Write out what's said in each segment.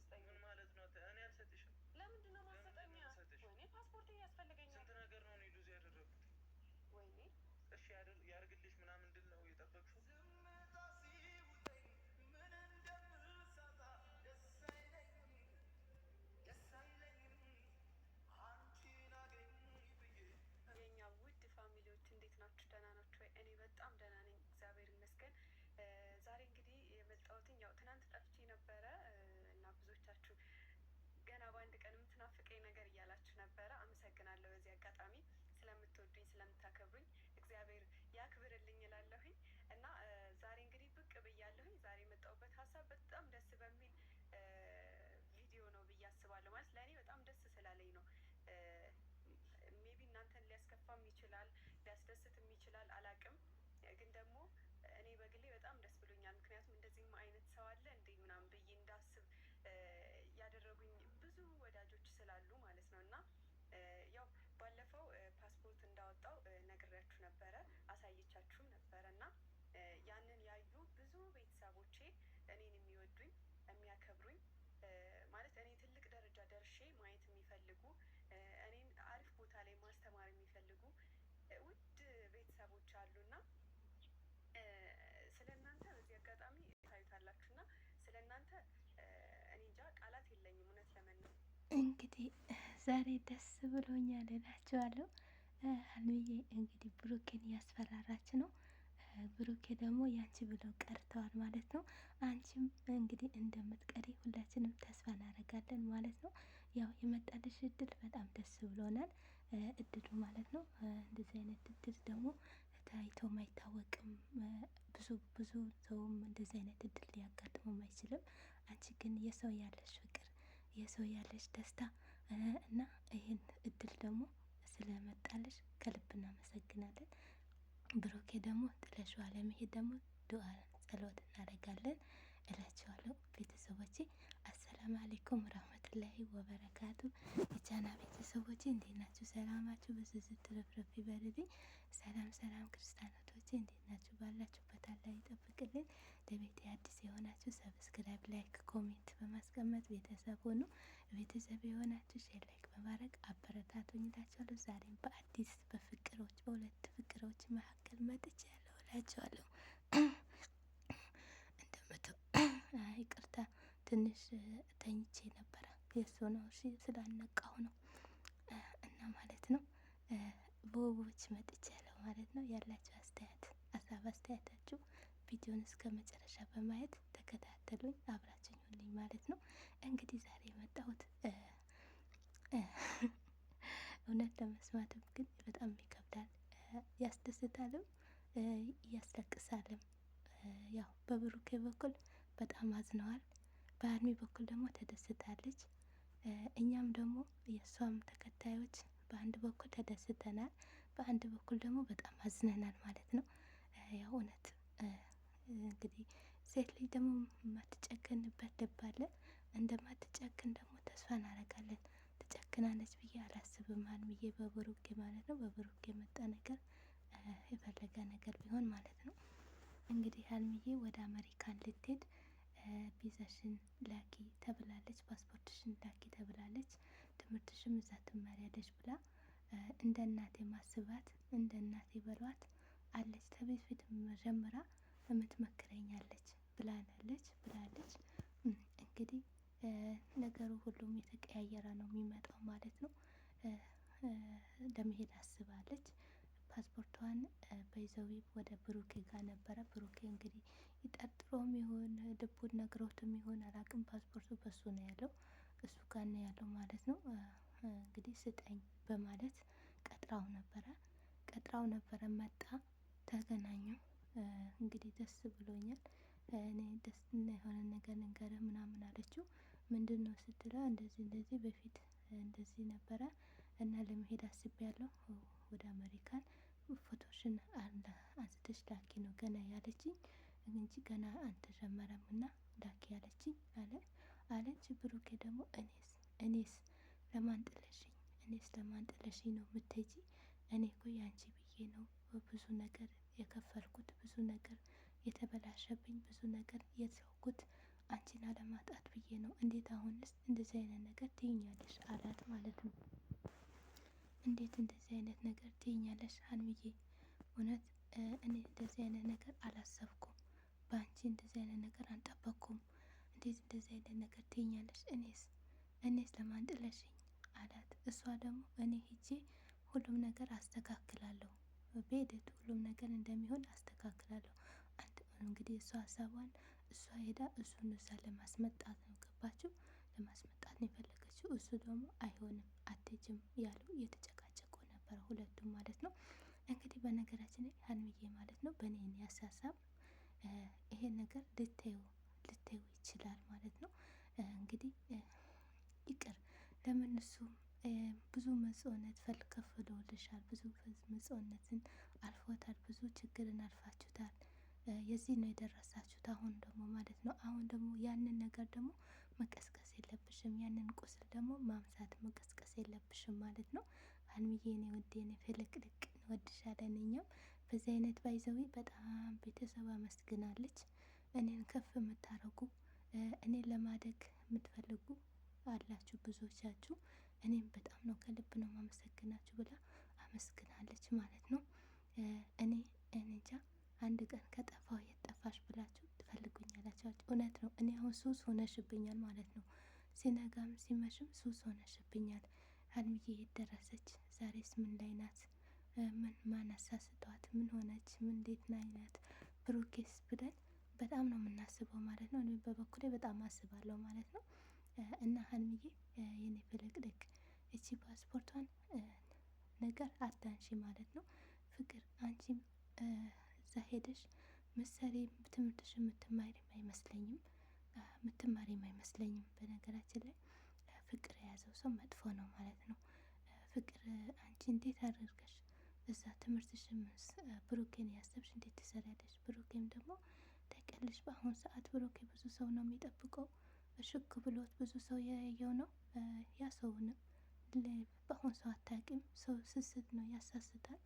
ስጠኝ ማለት ነው። እኔ አልሰጥሽም። ለምንድን ነው ማሰጠኛ? ወይኔ ፓስፖርት እያስፈለገኛል። ስንት ነገር ነው እኔ ዱዝ ያደረጉት። ወይኔ እሺ ያድርግ ስላሉ ማለት ነው እና እንግዲህ ዛሬ ደስ ብሎኛል እላችኋለሁ። ሀይሚዬ እንግዲህ ብሩኬን እያስፈራራች ነው። ብሩኬ ደግሞ ያንቺ ብለው ቀርተዋል ማለት ነው። አንቺም እንግዲህ እንደምትቀሪ ሁላችንም ተስፋ እናደርጋለን ማለት ነው። ያው የመጣልሽ እድል በጣም ደስ ብሎናል። እድሉ ማለት ነው። እንደዚህ አይነት እድል ደግሞ ታይቶ አይታወቅም። ብዙ ብዙ ሰውም እንደዚህ አይነት እድል ሊያጋጥመው አይችልም። አንቺ ግን የሰው ያለሽ የሰው ያለች ደስታ እና ይህን እድል ደግሞ ስለመጣለች ከልብ እናመሰግናለን። ብሩኬ ደግሞ ጥለሽው አለመሄድ ደግሞ ዱአ ጸሎት እናደርጋለን እላቸዋለሁ። ቤተሰቦቼ አሰላም አሌይኩም ራህመቱ ወረህመቱላሂ ወበረካቱ የቻና ቤተሰቦች እንዴት ናችሁ? ሰላማችሁ ብዙ ስትረፍረፍ ይበልልኝ። ሰላም ሰላም ክርስቲያኖቶች እንዴት ናችሁ? ባላችሁበት አላህ ይጠብቅልን። ለቤት አዲስ የሆናችሁ ሰብስክራይብ፣ ላይክ፣ ኮሜንት በማስቀመጥ ቤተሰብ ሆኑ። ቤተሰብ የሆናችሁ ሼር፣ ላይክ በማድረግ አበረታቱኝ እላችኋለሁ። ዛሬም በአዲስ በፍቅሮች በሁለት ፍቅሮች መካከል መጥቻለሁ እላችኋለሁ። እንደምት ይቅርታ ትንሽ ተኝቼ ነው የእሱ ነው። እሺ ስላነቃሁ ነው እና ማለት ነው በውቦች መጥቻለሁ ማለት ነው። ያላችሁ አስተያየት፣ ሀሳብ አስተያየታችሁ ቪዲዮን እስከ መጨረሻ በማየት ተከታተሉኝ፣ አብራችኝ ሁሉኝ ማለት ነው። እንግዲህ ዛሬ የመጣሁት እውነት ለመስማትም ግን በጣም ይከብዳል፣ ያስደስታልም ያስለቅሳልም። ያው በብሩኬ በኩል በጣም አዝነዋል። በሀይሚ በኩል ደግሞ ተደስታለች። እኛም ደግሞ የእሷም ተከታዮች በአንድ በኩል ተደስተናል፣ በአንድ በኩል ደግሞ በጣም አዝነናል ማለት ነው። ያው እውነት እንግዲህ ሴት ልጅ ደግሞ የማትጨክንበት ልብ አለ። እንደማትጨክን ደግሞ ተስፋ እናደርጋለን። ትጨክናለች ብዬ አላስብም አልምዬ በብሩኬ ማለት ነው። በብሩኬ የመጣ ነገር የፈለገ ነገር ቢሆን ማለት ነው። እንግዲህ አልምዬ ወደ አሜሪካን ልትሄድ ቪዛሽን ላኪ ተብላለች፣ ፓስፖርትሽን ላኪ ተብላለች፣ ትምህርትሽም እዛ ትማሪያለች ብላ እንደ እናቴ ማስባት እንደ እናቴ በሏት አለች። ከቤት ፊት ጀምራ የምትመክረኛለች ብላለች ብላለች። እንግዲህ ነገሩ ሁሉም የተቀያየረ ነው የሚመጣው ማለት ነው። ለመሄድ አስባለች። ፓስፖርቷን በይዘዊ ወደ ብሩኬ ጋር ነበረ። ብሩኬ እንግዲህ ይጠርጥሮም ይሆን ልቡን ነግሮትም ይሆን አላቅም። ፓስፖርቱ በሱ ነው ያለው፣ እሱ ጋር ነው ያለው ማለት ነው። እንግዲህ ስጠኝ በማለት ቀጥራው ነበረ ቀጥራው ነበረ። መጣ፣ ተገናኙ። እንግዲህ ደስ ብሎኛል፣ እኔ ደስ የሆነ ነገር ምናምን አለችው። ምንድን ነው ስትለው እንደዚህ እንደዚህ በፊት እንደዚህ ነበረ እና ለመሄድ አስቤያለሁ ወደ አሜሪካን ፎቶሽን አለ አንስተሽ ላኪ ነው ገና ያለችኝ እንጂ ገና አልተጀመረም እና ላኪ ያለችኝ አለ አለች። ብሩኬ ደግሞ እኔስ እኔስ ለማን ጥለሽኝ እኔስ ለማን ጥለሽኝ ነው የምትሄጂ? እኔ እኮ ያንቺ ብዬ ነው ብዙ ነገር የከፈልኩት ብዙ ነገር የተበላሸብኝ ብዙ ነገር የተውኩት አንቺን አለማጣት ብዬ ነው። እንዴት አሁንስ እንደዚህ አይነት ነገር ትይኛለሽ? አላት ማለት ነው። እንዴት እንደዚህ አይነት ነገር ትይኛለሽ ሀይሚዬ? እውነት እኔ እንደዚህ አይነት ነገር አላሰብኩም፣ በአንቺ እንደዚህ አይነት ነገር አልጠበቅኩም። እንዴት እንደዚህ አይነት ነገር ትይኛለሽ? እኔስ እኔስ ለማን ጥለሽኝ አላት። እሷ ደግሞ እኔ ሂጄ ሁሉም ነገር አስተካክላለሁ፣ በሂደት ሁሉም ነገር እንደሚሆን አስተካክላለሁ። እንግዲህ እሷ ሀሳቧን እሷ ሄዳ እሱን እዛ ለማስመጣት ነው ገባችሁ? ለማስመጣት ነው የፈለገችው። እሱ ደግሞ አይሆንም አትሄጂም ያሉ እየተጨቃጨቁ ነበር፣ ሁለቱም ማለት ነው። እንግዲህ በነገራችን ላይ ሀይሚዬ ማለት ነው በእኔ ያሳሳብ ይሄን ነገር ልታዩ ልታዩ ይችላል ማለት ነው። እንግዲህ ይቅር ለምን እሱ ብዙ መጽዋዕትነት ከፍሎልሻል፣ ብዙ መጽዋዕትነትን አልፎታል፣ ብዙ ችግርን አልፋችሁታል። የዚህ ነው የደረሳችሁት አሁን ደግሞ ማለት ነው። አሁን ደግሞ ያንን ነገር ደግሞ መቀስቀስ የለብሽም። ያንን ቁስል ደግሞ ማምሳት መቀስቀስ የለብሽም ማለት ነው። ሀይሚዬ ነው ውድ የኔ ፍልቅልቅ እንወድሻለን። እኛም በዚህ አይነት ባይዘዊ በጣም ቤተሰብ አመስግናለች። እኔን ከፍ የምታረጉ እኔን ለማደግ የምትፈልጉ አላችሁ ብዙዎቻችሁ። እኔም በጣም ነው ከልብ ነው ማመሰግናችሁ ብላ አመስግናለች ማለት ነው። እኔ እንጃ አንድ ቀን ከጠፋው የጠፋሽ ጠፋሽ ብላችሁ ትፈልጉኛላችሁ። እውነት ነው። እኔ አሁን ሱስ ሆነሽብኛል ማለት ነው። ሲነጋም ሲመሽም ሱስ ሆነሽብኛል። ሀልምዬ የት ደረሰች? ዛሬስ ምን ላይ ናት? ምን ማን አሳስቷት? ምን ሆነች? ምን እንዴት ናይ ብሩኬስ ብለን በጣም ነው የምናስበው ማለት ነው። እኔም በበኩሌ በጣም አስባለሁ ማለት ነው። እና ሀልምዬ የኔ ፍልቅልቅ እቺ ፓስፖርቷን ነገር አታንሺ ማለት ነው። ፍቅር አንቺም እዛ ሄደሽ ምሳሌ ትምህርትሽ የምትማሪም አይመስለኝም የምትማሪም አይመስለኝም በነገራችን እሱም መጥፎ ነው ማለት ነው። ፍቅር አንቺ እንዴት አደርገሽ እዛ ትምህርትሽምስ ብሩኬን ያሰብሽ እንዴት ትሰሪያለሽ? ብሩኬም ደግሞ ታውቂያለሽ፣ በአሁኑ ሰዓት ብሩኬ ብዙ ሰው ነው የሚጠብቀው። ሽክ ብሎት ብዙ ሰው የያየው ነው። ያ ሰውንም በአሁኑ ሰው አታውቂም። ሰው ስስት ነው፣ ያሳስታል፣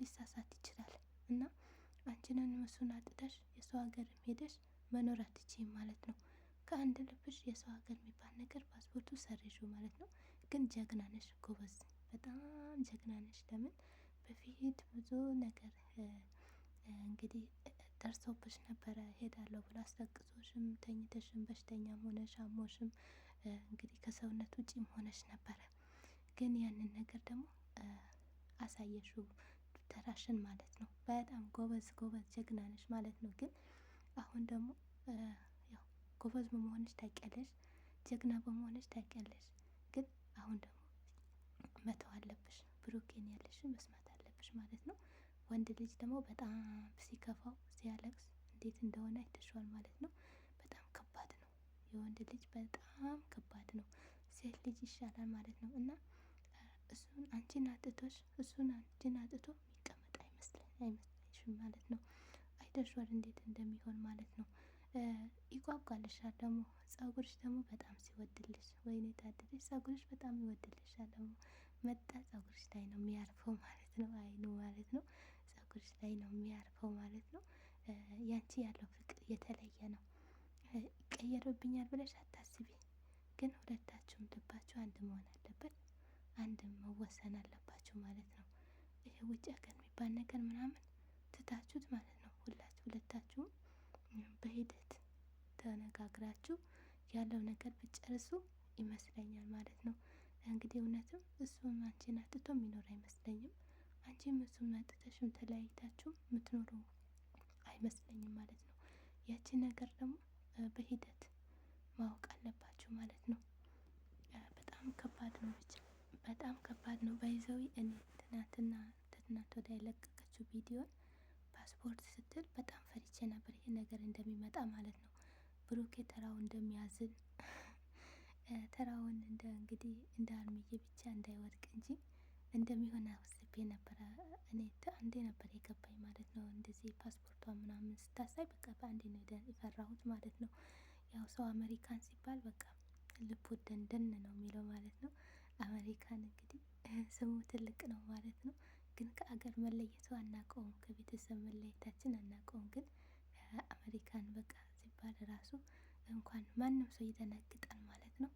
ሊሳሳት ይችላል። እና አንቺንን እሱን አጥተሽ የሰው ሀገርም ሄደሽ መኖር አትችይም ማለት ነው። አንድ ልብሽ የሰው ሀገር የሚባል ነገር ፓስፖርቱ ሰርዡ ማለት ነው። ግን ጀግና ነሽ፣ ጎበዝ፣ በጣም ጀግና ነሽ። ለምን በፊት ብዙ ነገር እንግዲህ ደርሶብሽ ነበረ። ሄዳለሁ ብሎ አስጠቅሶሽም ተኝተሽም በሽተኛም ሆነሽ አሞሽም እንግዲህ ከሰውነት ውጪም ሆነሽ ነበረ። ግን ያንን ነገር ደግሞ አሳየሽው ተራሽን ማለት ነው። በጣም ጎበዝ ጎበዝ ጀግና ነሽ ማለት ነው። ግን አሁን ደግሞ ጎበዝ በመሆንሽ ታውቂያለሽ፣ ጀግና በመሆንሽ ታውቂያለሽ። ግን አሁን ደግሞ መተው አለብሽ፣ ብሩኬን ያለሽን መስማት አለብሽ ማለት ነው። ወንድ ልጅ ደግሞ በጣም ሲከፋው ሲያለቅስ እንዴት እንደሆነ አይተሽዋል ማለት ነው። በጣም ከባድ ነው። የወንድ ልጅ በጣም ከባድ ነው። ሴት ልጅ ይሻላል ማለት ነው። እና እሱን አንቺን አጥቶሽ እሱን አንቺን አጥቶ የሚቀመጥ አይመስልሽም ማለት ነው። አይተሽዋል እንዴት እንደሚሆን ማለት ነው። ይጓጓልሻል። ደግሞ ጸጉርሽ ደግሞ በጣም ሲወድልሽ፣ ወይኔ ታደለሽ! ጸጉርሽ በጣም ይወድልሻል። ደግሞ መጣ ጸጉርሽ ላይ ነው የሚያርፈው ማለት ነው። አይኑ ማለት ነው ጸጉርሽ ላይ ነው የሚያርፈው ማለት ነው። ያንቺ ያለው ፍቅር የተለየ ነው። ይቀየርብኛል ብለሽ አታስቢ። ግን ሁለታችሁም ልባችሁ አንድ መሆን አለበት፣ አንድ መወሰን አለባችሁ ማለት ነው። ይሄ ውጭ ሀገር የሚባል ነገር ምናምን ትታችሁት ማለት ነው ሁላችሁ ሁለታችሁም በሂደት ተነጋግራችሁ ያለው ነገር ብጨርሱ ይመስለኛል ማለት ነው። እንግዲህ እውነትም እሱም አንቺን አጥቶ የሚኖር አይመስለኝም። አንቺም እሱም አጥተሽም ተለያይታችሁ የምትኖሩ አይመስለኝም ማለት ነው። ያቺ ነገር ደግሞ በሂደት ማወቅ አለባችሁ ማለት ነው። በጣም ከባድ ነው፣ ብቻ በጣም ከባድ ነው። ባይዘዊ እኔ ትናንትና ትናንት ወዲያ የለቀቀችው ቪዲዮን ፓስፖርት ስትል በጣም ፈርቼ ነበር ይህ ነገር እንደሚመጣ ማለት ነው። ብሩኬ ተራው እንደሚያዝን ተራውን እንደ እንግዲህ እንደ አልምዬ ብቻ እንዳይወድቅ እንጂ እንደሚሆን አስቤ ነበረ። እኔ አንዴ ነበር የገባኝ ማለት ነው። እንደዚህ ፓስፖርቷ ምናምን ስታሳይ በቃ በአንዴ ነው የፈራሁት ማለት ነው። ያው ሰው አሜሪካን ሲባል በቃ ልቡ ደንደን ነው የሚለው ማለት ነው። አሜሪካን እንግዲህ ስሙ ትልቅ ነው ማለት ነው። ግን ከአገር መለየቱ አናቀውም ከቤተሰብ መለየታችን አናቀውም ግን አሜሪካን በቃ ሲባል ራሱ እንኳን ማንም ሰው ይደነግጣል ማለት ነው።